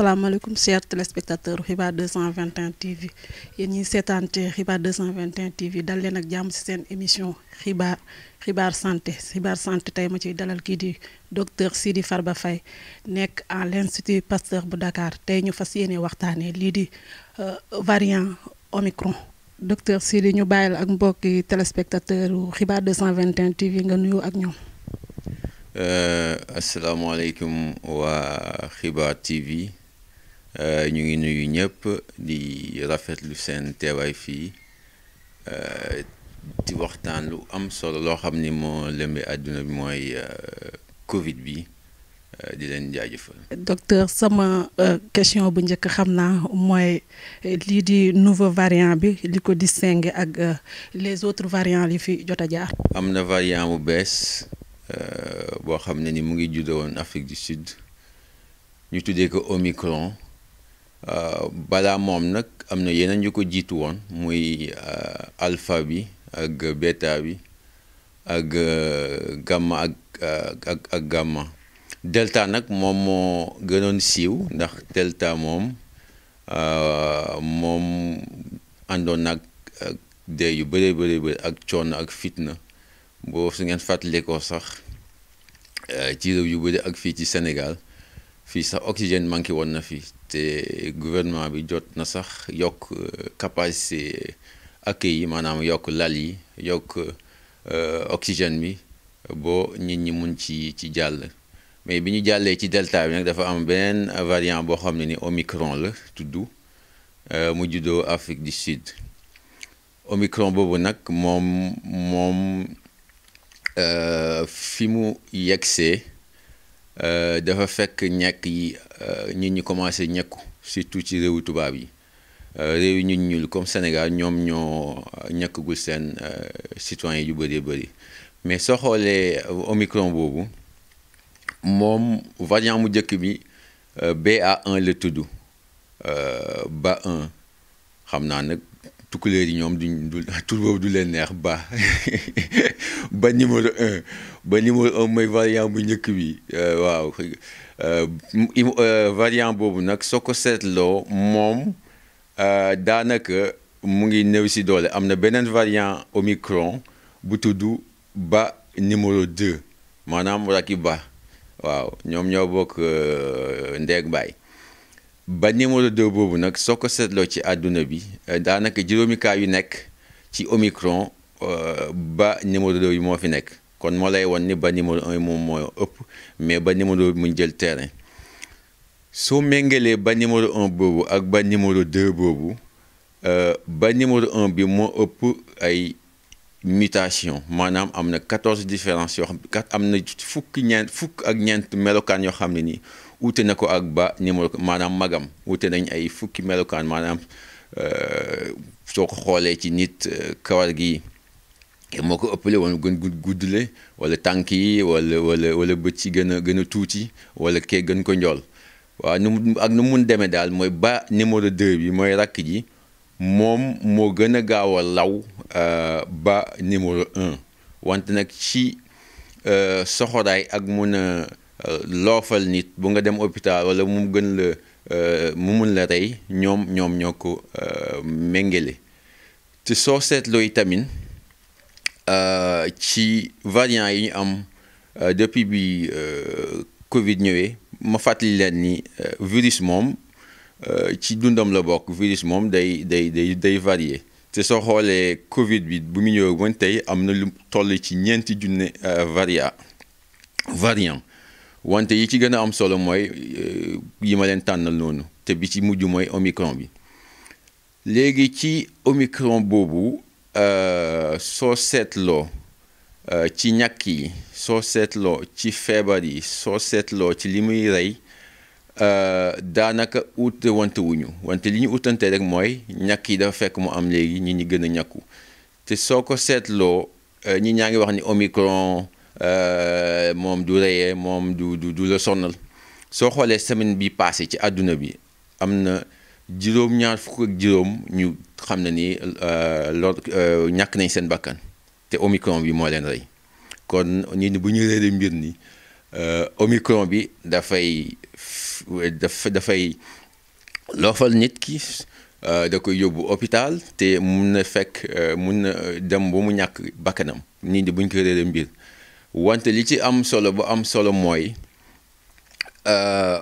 asalaamaaleykum chers téléspectateurs xibaar 221 TV yéen ñiy seetaan ci xibaar 221 TV dal leen ak jàmm ci seen émission xibaar xibaar santé xibaar santé tey ma ci dalal kii di docteur Sidi Farba Faye nekk en l'Institut Pasteur bu Dakar tey ñu fas yéene waxtaanee lii di euh, variant Omicron docteur Sidi ñu bàyyil ak mbokki téléspectateurs xibaar 221 TV nga nuyoo ak ñoom. Euh, asalaamaaleykum waa Euh, ñu ngi nuyu ñëpp di lu seen teewaay fii euh, di waxtaan lu am solo loo xam ni moo lëmbe àdduna bi mooy euh, Covid bi di leen jaajëfal. docteur sama question bu njëkk xam naa mooy lii di nouveau variant bi li ko distingue ak les autres variants li fi jot am na variant bu bees boo xam ne ni mu ngi juddoo woon Afrique du Sud ñu tuddee ko Omicron. Euh, balaa moom nag am na yeneen yu ko jiitu woon muy euh, alpha bi ak beta bi ak euh, gàmma ak ak ak gamma delta nag moom moo gënoon siiw ndax delta moom moom àndoon nag dee yu bëree bëri bëri ak coono ak fitna boo su ngeen ko sax ci réew yu bëri ak fii ci Sénégal fii sax oxygène manqué woon na fii te gouvernement bi jot na sax yokk euh, capacité accueil yi maanaam yokk lal yi yokk euh, oxygène bi boo nit ñi mun ci ci jàll mais bi ñu jàllee ci delta bi nag dafa am beneen variant boo xam ne ni omicron la tudd euh, mu juddoo Afrique du Sud omicron boobu nag moom moom fi mu yegsee Euh, dafa fekk ñekk yi euh, nit ñu commencé ñekku surtout ci réewu tubaab yi euh, réew yi ñun ñuul comme Sénégal ñoom ñoo ñekk ñekkagul seen yi yu bëree bëri mais soo xoolee Omicron boobu moom variant mu njëkk bi ba un la tudd ba 1 xam naa nag tukkuleer yi ñoom duñ du tur boobu du leen neex ba ba numéro un ba numéro un mooy variant bu njëkk bi euh, waaw euh, euh, variant boobu nag soo ko seetloo moom daanaka mu ngi néew si doole am na beneen variant omicron bu tudd ba numéro deux maanaam rakki ba waaw ñoom ñoo bokk ndeeg baay ba numéro 2 boobu nag soo ko seetloo ci àdduna bi eh, daanaka juróomi yu nekk ci omicron eh, ba numéro 2 yi moo fi nekk kon moo lay won ni ba numéro 1 moom moo ëpp mais ba numéro bi jël terrain soo méngalee ba numéro 1 boobu ak ba numéro 2 boobu eh, ba numéro 1 bi moo ëpp ay mutation maanaam am na 14 différences yoo xam am na fukk ñeent fukk ak ñeent melokaan yoo xam ne nii wuute na ko ak ba numéro maanaam magam wuute nañ ay fukki melokaan maanaam euh, soo ko xoolee ci nit euh, kawar gi moo ko ëppale wala gën guddule wala tànk yi wala wala wala bët ci gën a gën a tuuti wala kee gën ko njool waaw nu mu ak nu mun demee daal mooy ba numéro 2 bi mooy rakk ji moom moo gën a gaaw law euh, ba numéro 1 wante nag ci soxoraay ak mun a Euh, loofal nit bu nga dem hôpital wala mu gën la euh, mu mun la rey ñoom ñoom ñoo ko euh, méngale te soo seetloo itamit ci variant yi am depuis bi Covid ñëwee ma fàttali leen ni virus moom ci dundam la bokk virus moom day day day day varie te soo xoolee Covid bi bu mu ñëw woon tey am na lu toll ci ñeenti junne varia variant wante yi ci gën a am solo mooy euh, yi ma leen tànnal noonu te bi ci mujj mooy omicron bi léegi ci omicron boobu euh, soo seetloo euh, ci ñàkk yi soo seetloo ci feebar yi soo seetloo ci li muy rey daanaka uute wante wuñu wante li ñu utante rek mooy ñàkk yi dafa fekk mu am léegi ñi ñi gën a ñàkku te soo ko seetloo ñi ñaa ngi wax ni omicron Euh, moom du reyee moom du du la sonnal soo xoolee semaine bi passé ci àdduna bi am na juróom ñaar fukk ak juróom ñu xam na ni euh, lor euh, ñàkk nañ seen bakkan te omicron bi moo leen rey kon ñi bu ñu réere mbir ni omicron bi dafay daf dafay loofal nit ki da koy yóbbu hôpital te mun na fekk mun na dem ba mu ñàkk bakkanam nit ñi buñ ko réere mbir wante li ci am solo bu am solo mooy euh,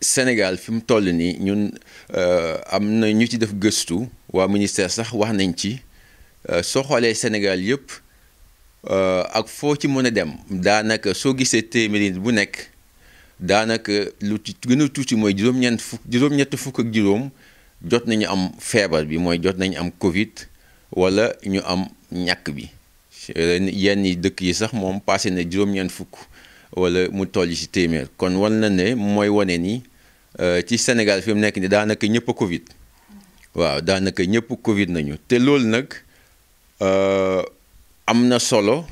Sénégal fi mu toll nii ñun euh, am na ñu ci def gëstu waa ministère sax wax nañ ci euh, soo xoolee Sénégal yëpp ak foo ci mën a dem daanaka soo gisee téeméeri bu nekk daanaka lu gën a tuuti mooy juróom fukk ñett fukk ak juróom jot nañu am feebar bi mooy jot nañu am Covid wala ñu am ñàkk bi. Euh, yenn yi dëkk yi sax moom passé na juróom-ñeent fukk wala mu toll ci téeméer kon war na ne mooy wane ni euh, ci Sénégal fi mu nekk ni daanaka ñëpp a Covid waaw daanaka ñëpp Covid nañu te loolu nag euh, am na solo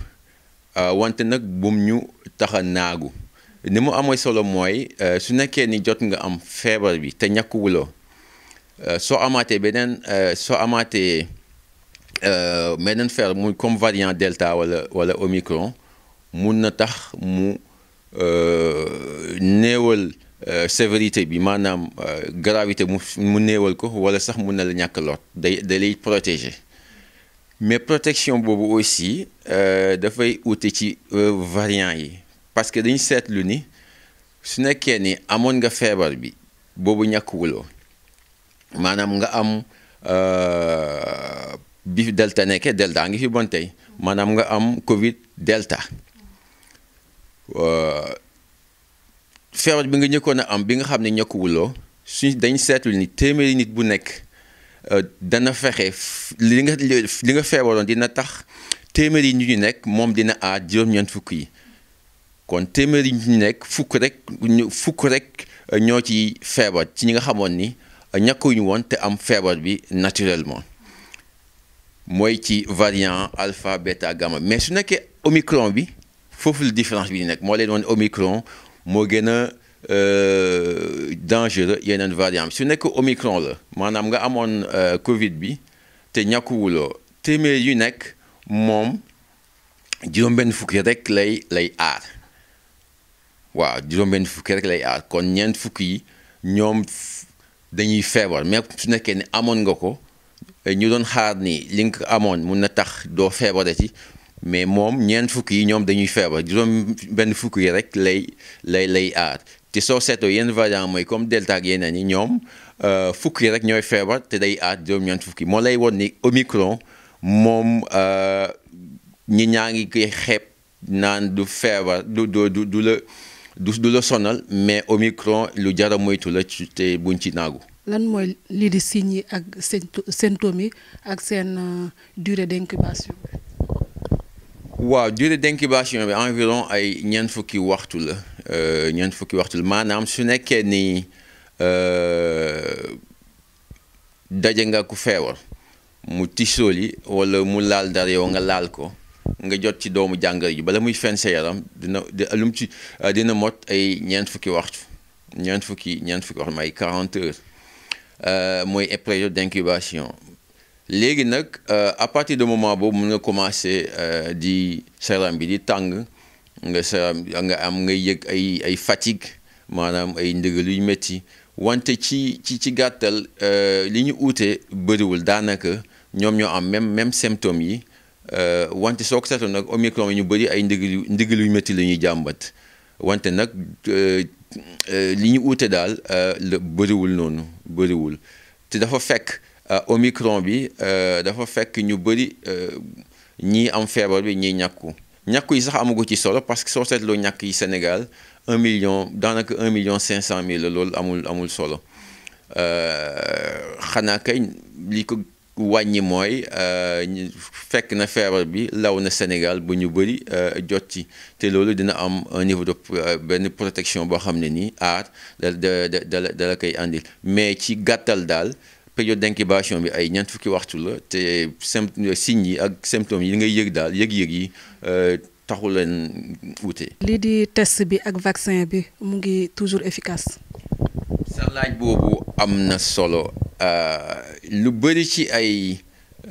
wante nag bum ñu tax a naagu ni mu amee solo mooy su nekkee ni jot nga am feebar bi te wulo soo amaatee beneen soo amaatee. Euh, mais nañ faire muy comme variant delta wala wala omicron mun na tax mu euh, néewal euh, sévérité bi maanaam gravité mu mu néewal ko wala sax mun na la ñàkk loot day dalay lay mais protection boobu aussi dafay ute ci variant yi parce que dañ seetlu ni su nekkee ni amoon nga feebar bi boobu ñàkkuwuloo maanaam nga am bi fi delta nekkee delta ngi fi bon tey maanaam nga am Covid delta euh, feebar bi nga jëkkoon a am bi nga xam ne ñëkkuwuloo su dañ seetlu ni téeméeri nit bu nekk euh, dana fexe li nga li nga feebaroon dina tax téeméeri ñu ñu nekk moom dina aar juróom-ñeent fukk yi kon téeméeri nit ñu nekk fukk rek fukk rek euh, ñoo ci feebar ci ñi nga xamoon ni ñàkkuñu woon te am feebar bi naturellement. mooy ci variant alpha beta gamma mais su nekkee omicron bi foofu la différence bi nekk moo leen woon omicron moo gën a euh, dangereux yeneen variant bi su nekk omicron la maanaam nga amoon euh, Covid bi te ñàkkuwuloo téeméer yu nekk moom juróom-benn fukki rek lay lay aar waaw juróom-benn fukki rek lay aar kon ñeent fukki yi ñoom dañuy feebar mais su nekkee ne amoon nga ko. Eh, ñu doon xaar ni link amoon mun na tax doo feebarati mais moom ñeent fukk yi ñoom dañuy feebar juróom benn fukk yi rek lay lay lay aar te soo seetoo yenn variant mooy comme delta yeneen yi ñoom euh, fukk yi rek ñooy feebar te day aar juróom-ñeent fukk moo lay woon ni omicron moom euh, ñi ñaa ngi koy xeeb naan du feebar du du du la du du la sonal mais omicron lu jara moytu la te buñ ci nàggu lan mooy lii di signes yi ak seen symptômes ak seen euh, durée d'incubation waaw durée d'incubation bi environ ay ñeent fukki waxtu la euh, ñeent fukki waxtu la maanaam su nekkee nii euh, daje nga ku feewar mu tisooli wala mu laal dara yow nga laal ko nga jot ci doomu jàngoro ji bala muy fen sa yaram dina lum ci dina mot ay ñeent fukki waxtu ñeent fukki ñeent fukki waxtu ay 40 heures Euh, mooy période d'incubation léegi nag euh, à partir de moment boobu mun nga commencer euh, di seram bi di tàng nga seram nga am nga yëg ay ay fatigue maanaam ay ndigal yu métti wante ci ci ci gàttal li ñu uute bëriwul daanaka ñoom ñoo am même même symptômes yi wante soo ko seetlu nag omicron yi ñu bëri ay ndigal ndigal yu métti la ñuy jàmbat wante nag euh, euh, li ñu uute daal euh, la bëriwul noonu bëriwul te dafa fekk omicron bi dafa fekk ñu bëri ñii am feebar bi ñii ñàkku ñàkku yi sax amagu ci solo parce que soo seetloo ñàkk yi Sénégal un million daanaka un million cinq cent mille loolu amul amul solo xanaa kay li ko. wàññi mooy euh, fekk na feebar bi law na Sénégal bu ñu bëri euh, jot ci te loolu dina am un niveau de euh, benn protection boo xam ne nii aar da da koy àndil mais ci gàttal daal période d'incubation bi ay ñeent fukki waxtu la te signes yi ak symptômes yi ngay yëg daal yëg-yëg yi taxu leen wute. lii di test bi ak vaccin bi mu ngi toujours efficace. laaj boobu am na solo euh, lu bëri ci ay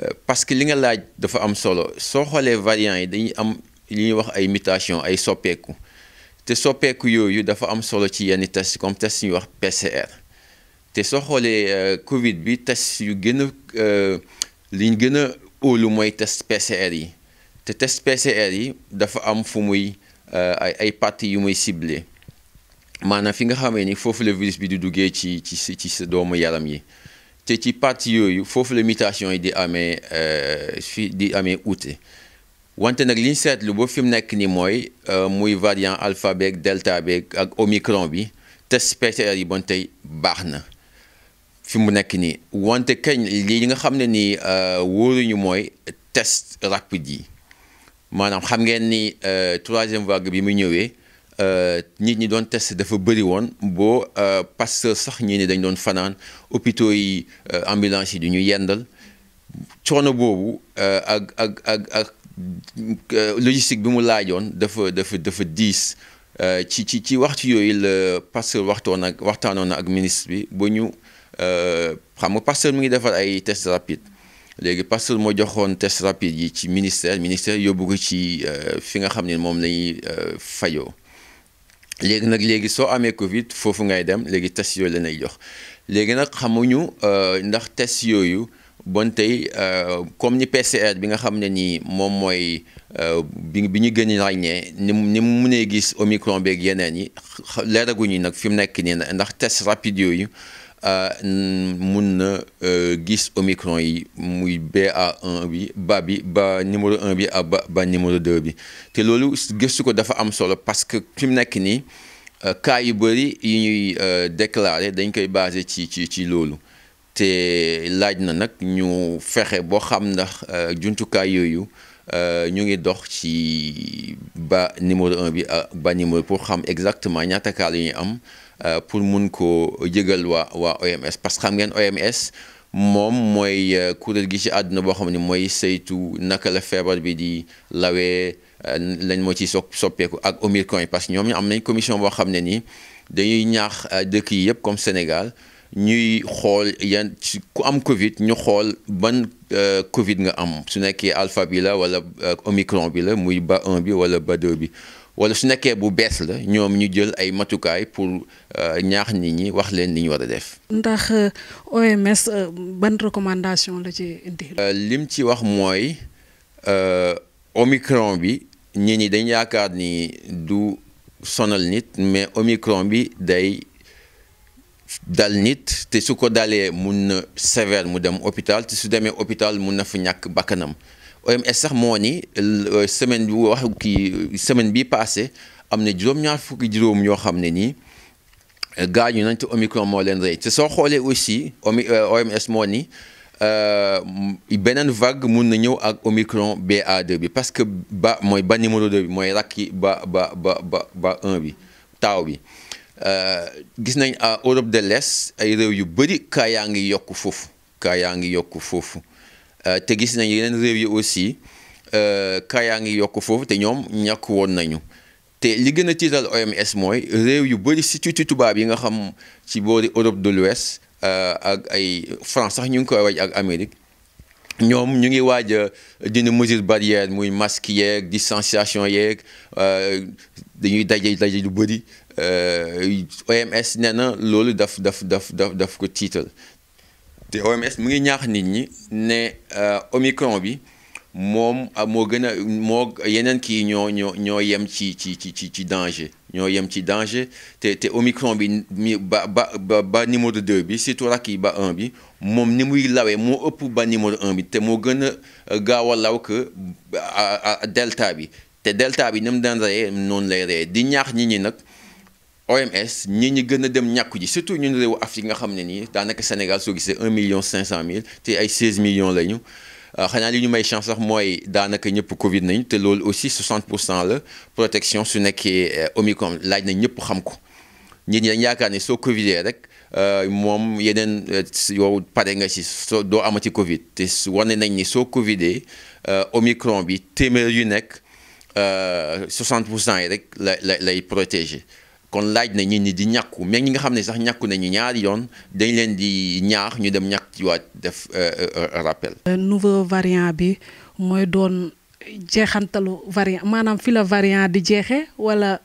euh, parce que li nga laaj dafa am solo soo xoolee variants yi dañuy am li ñuy wax ay mutation ay soppeeku te soppeeku yooyu dafa am solo ci yenn test comme test ñuy wax PCR te soo xoolee euh, Covid bi test yu gën a li ñu gën a óolu mooy test PCR yi te test PCR yi dafa am fu muy ay ay parties yu muy cible maanaam fi nga xamee ni foofu la virus bi di duggee ci ci ci sa doomu yaram yi te ci partie yooyu foofu la mutation yi di amee euh, fi di amee ute wante nag li ñu seetlu ba fi mu nekk nii mooy euh, muy variant alpha beeg ak omicron bi test PCR yi bon tey baax na fi mu nekk nii wante kañ li nga xam ne nii euh, wóoruñu mooy test rapide yi maanaam xam ngeen ni troisième vague bi mu ñëwee Euh, nit ñi doon test dafa bëri woon boo euh, Pasteur sax ñi ni dañ doon fanaan hôpitaux yi euh, ambulance yi du ñu yendal coono boobu ak ak ak ak logistique bi mu laajoon dafa dafa dafa diis ci ci ci waxtu yooyu la Pasteur waxtoon ak waxtaanoon ak ministre bi ba ñu xam nga Pasteur mu ngi defar ay test rapide léegi Pasteur moo joxoon test rapide yi ci ministère ministère yóbbu ko ci fi nga xam ne moom lañuy fajoo léegi nag léegi soo amee Covid foofu ngay dem léegi test yooyu la lay jox léegi nag xamuñu euh, ndax test yooyu bon tey euh, comme ni PCR bi nga xam ne nii moom mooy euh, bi bi ñu gën a ràññee ni mu ni mu mënee gis Omicron beeg yeneen yi leeraguñu nag fi mu nekk nii ndax test rapide yooyu. Euh, mun na euh, gis omicron yi muy BA1 bi ba bi ba numéro un bi ak ba ba numéro 2 bi te loolu gëstu ko dafa am solo parce que fi mu nekk nii euh, cas yu bëri yi ñuy déclaré dañ koy basé ci ci ci loolu te laaj na nag ñu fexe boo xam ndax jumtukaay yooyu ñu ngi dox ci ba numéro 1 bi ak ba numéro pour xam exactement ñaata cas la ñuy am. Euh, pour mun ko jégal waa waa OMS parce que xam ngeen OMS moom mooy euh, kuréel gi ci àdduna boo xam ne mooy saytu naka la feebar bi di lawee euh, lañ moo ci so soppeeku ak Omicron yi parce que ñoom ñu am nañ commission boo xam ne nii dañuy ñaax dëkk yi yëpp comme Sénégal ñuy xool yan ku am Covid ñu xool ban Covid nga am su nekkee alpha bi la wala Omicron bi la muy ba 1 bi wala ba bi wala su nekkee bu bees la ñoom ñu jël ay matukaay pour euh, ñaax ni ñi wax leen li ñu war a def. ndax euh, OMS euh, ban recommandation la ci indi. lim ci wax mooy omicron bi ñi ñi dañ yaakaar ni du sonal nit mais omicron bi day dal nit te su ko dalee mun na sévère mu dem hôpital te su demee hôpital mun na fa ñàkk bàkkanam OMS sax moo ni euh, semaine bi kii semaine bi passé am na juróom-ñaar fukki juróom ñoo xam ne nii euh, gaañu nañ te Omicron moo leen rey te soo xoolee aussi OMS euh, moo ni beneen vague mun na ñëw ak Omicron BA2 bi parce que ba mooy ba numéro bi mooy rakki ba ba ba ba ba bi taaw bi gis nañ à Europe de l'Est ay réew yu bëri kaa yaa ngi yokk foofu kaa yaa ngi yokk foofu Euh, te gis nañ yeneen réew yi aussi euh, cas yaa ngi yokk foofu te ñoom ñàkk woon nañu te li gën a tiital OMS mooy réew yu bëri si tuuti tubaab yi nga xam ci boori Europe de l'Ouest euh, ak ay France sax ñu ngi koy waaj ak Amérique ñoom ñu ngi waaj a dina mesure barrière muy masque yeeg distanciation yeeg dañuy daje daje lu bëri OMS nee na loolu daf daf daf daf daf ko tiital te OMS mu ngi ñaax nit ñi ne euh, omicron bi moom euh, moo gën a moo yeneen kii ñoo ñoo ñoo yem ci ci ci ci ci danger ñoo yem ci danger te te omicron bi mi ba ba ba numéro 2 bi surtout rakk yi ba un bi moom ni muy lawee moo ëpp ba numéro 1 bi te moo gën a euh, gaaw a law que delta bi te delta bi ni mu daan reyee noonu lay reyee di ñaax nit ñi nag. OMS ñi ñi gën a dem ñàkku ji surtout ñun réewu Afrique nga xam ne nii daanaka Sénégal soo gisee un million cinq cent mille te ay seize millions la ñu euh, xanaa li ñu may chance sax mooy daanaka ñëpp Covid nañu te loolu aussi 60 pour cent la protection su nekkee euh, Omicron laaj na ñëpp xam ko nit ñi dañ yaakaar ne soo Covidee rek euh, moom yeneen yow pare nga si soo doo amati Covid te wane nañ ni soo Covidee Omicron bi téeméer yu nekk 60 pour cent yi rek la la lay protéger. kon laaj na ñit ñi di ñàkku mais ñi nga xam ne sax ñàkku nañu ñaari yoon dañ leen di ñaax ñu dem ñàkk ci waat def euh, euh, rappel. Euh, nouveau variant bi mooy doon jeexantalu variant maanaam fi la variant di jeexe wala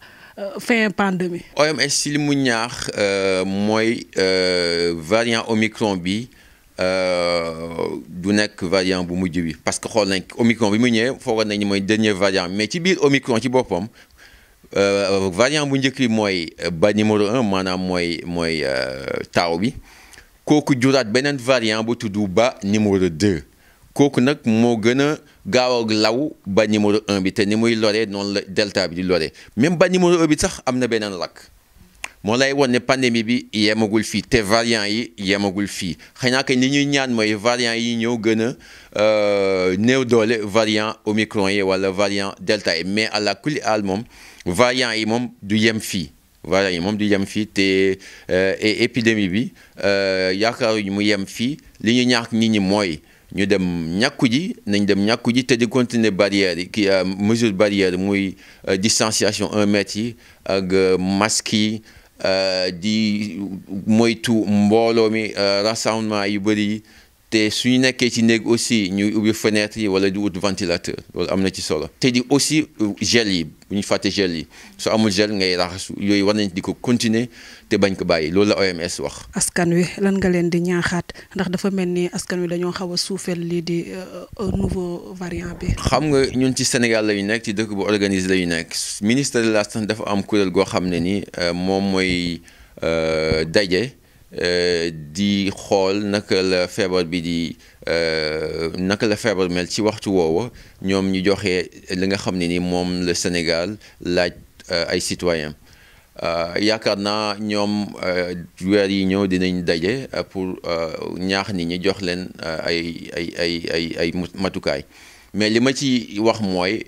fin pandémie. OMS si li mu ñaax mooy variant omicron bi du nekk variant bu mujj bi parce que xool nañ omicron bi mu ñëwee foogoon nañu mooy dernier variant mais ci biir omicron ci boppam Euh, variant bu njëkk bi mooy euh, ba numéro un maanaam mooy mooy euh, taaw bi kooku juraat beneen variant bu tudd ba numéro deux kooku nag moo gën a gaaw a law ba numéro un bi te ni muy loree noonu la delta bi di loree même ba numéro un bi sax am na beneen lakk moo lay won ne pandémie bi yemagul fii te variant yi yemagul fii xanaa kañ li ñuy ñaan mooy variant yi ñëw gën a néew doole variant omicron yi wala variant delta yi mais à la kulli aal moom vaillant yi moom du yem fii vaillant yi moom du yem fii te euh, épidémie bi euh, yaakaar mu yem fii li ñu ñaax nit ñi mooy ñu dem ñàkku ji nañ dem ñàkku ji te di continuer barrière yi ki euh, mesure barrière muy distanciation un mètre yi ak masque yi di moytu mbooloo mi rassemblement yu bëri yi te su ñu nekkee ci néeg aussi ñuy ubbi fenêtre yi wala di wut ventilateur loolu am na ci solo te di aussi euh, gel yi bu ñu fàtte gel yi su amul gel ngay raxasu yooyu war nañ di ko continuer te bañ ko bàyyi loolu la OMS wax. askan wi lan nga leen di ñaaxaat ndax dafa mel ni askan wi dañoo xaw a suufeel lii di euh, nouveau variant bi. xam nga ñun ci Sénégal la nekk ci dëkk bu organisé la ñu nekk ministre de la santé dafa am kuréel goo xam ne nii euh, moom mooy daje. Euh, di xool naka la feebar bi di euh, naka la feebar mel ci waxtu woowa ñoom ñu joxe li nga xam ne ni moom la Sénégal laaj euh, ay citoyens yaakaar naa ñoom weer yi ñëw dinañ daje pour ñaax ni ñi jox leen ay ay ay ay ay matukaay mais li ma ci wax mooy.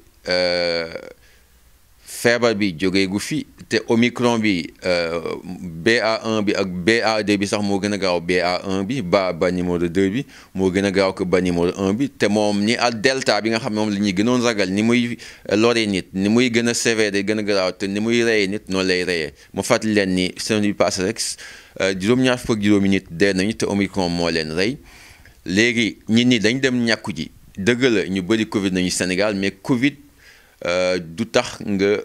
feebar bi jógee gu fi te omicron bi euh, BA1 bi ak BA2 bi sax moo gën a gaaw BA1 bi ba ba numéro 2 bi moo gën a gaaw ko ba numéro 1 bi te moom ni ak delta bi nga xam ne moom la ñuy gënoon ragal ni muy euh, lore nit ni muy gën a de gën a gaaw te ni muy reyee nit noonu lay reyee ma fàttali leen ni semaine bi passé rek euh, juróom-ñaar fukk juróomi nit dee nañu te omicron moo leen rey léegi nit ñi dañ dem ñàkku ji dëgg la ñu bëri Covid nañu Sénégal mais Covid du tax nga.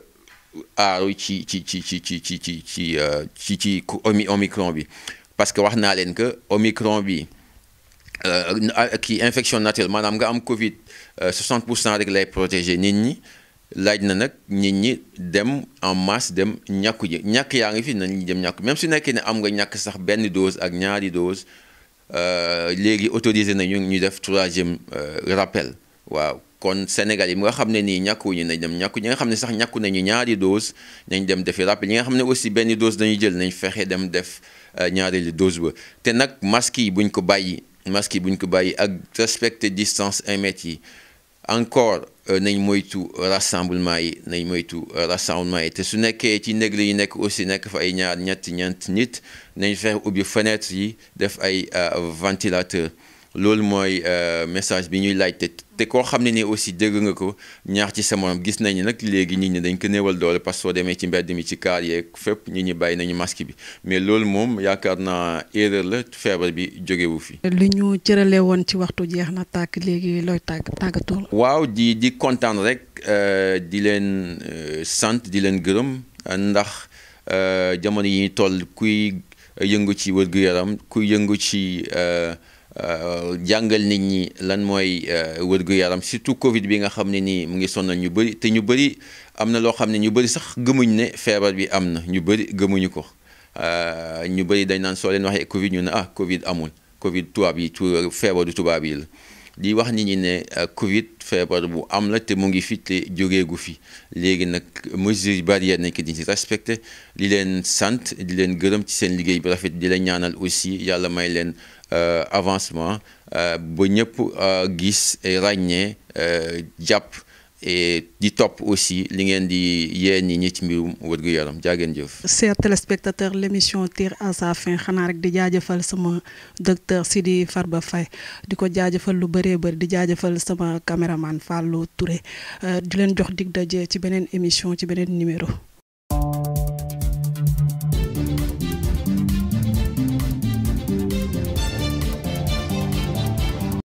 aaru ah ci ci ci ci ci ci ci ci euh, ci ci omi omicron bi parce que wax naa leen que omicron bi kii euh, euh, infection naturelle maanaam nga am Covid 60 pour cent rek lay protéger nit ñi laaj na nag nit ñi dem en masse dem ñàkku ñàkk yaa ngi fi nañu dem ñàkk même su nekkee ne am nga ñàkk sax benn dose ak ñaari dose léegi autorisé nañu ñu def troisième rappel waaw. kon Sénégal yi nga xam ne nii ñàkkuñu nañ dem ñàkku ñi nga xam ne sax ñàkku nañu ñaari dose nañ dem defi rappel ñi nga xam ne aussi benn dose dañuy jël nañ fexe dem def euh, ñaareelu dose ba te nag masque yi buñ ko bàyyi masque buñ ko bàyyi ak respecter distance un mètre yi encore euh, nañ moytu rassemblement yi nañ moytu rassemblement yi te su nekkee ci néeg yi nekk aussi nekk fa ay ñaar ñetti ñeent nit nañ fexe ubbi fenêtre yi def ay euh, ventilateur loolu mooy euh, message bi ñuy laajte te koo xam ne ni aussi dégg nga ko ñaax ci sa morom gis nañu nag léegi nit ñi dañ ko néewal doole parce que demee ci mbedd mi ci kaar yeeg fépp ñu ñi bàyyi nañu masque bi mais loolu moom yaakaar naa erreur la feebar bi jógewu fi. li ñu cëralee woon ci waxtu jeex na tàkk léegi looy tàgg tàggatoo. waaw di di kontaan rek euh, di leen euh, sant di leen gërëm ndax jamono yi ñu toll kuy yëngu ci wërgu yaram kuy yëngu ci. Euh, jàngal nit ñi lan mooy euh, wërgu yaram surtout Covid bi nga xam ne nii mu ngi sonal ñu bëri te ñu bëri am na loo xam ne ñu bëri sax gëmuñ ne feebar bi am na ñu bëri gëmuñu ko euh, ñu bari dañ naan soo leen waxee Covid ñu ne ah Covid amul Covid tubaab yi tu feebaru tubaab yi la. di wax nit ñi ne euh, Covid feebar bu am la te mu ngi fi te jógeegu fi léegi nag mesures barrières nekk di ci respecté di leen sant di leen gërëm ci seen liggéey bi rafet di la ñaanal aussi yàlla may leen euh, avancement euh, ba ñëpp gis ràññee jàpp. et di topp aussi li ngeen di yee ñi ñi ci mbirum wërgu yaram jaa ngeen jëf. chers téléspectateurs l' émission tire à sa fin xanaa rek di jaajëfal sama docteur si di far ba Faye di ko jaajëfal lu bëree bëri di jaajëfal sama caméraman fàlloo Touré euh, di leen jox dig daje ci beneen émission ci beneen numéro.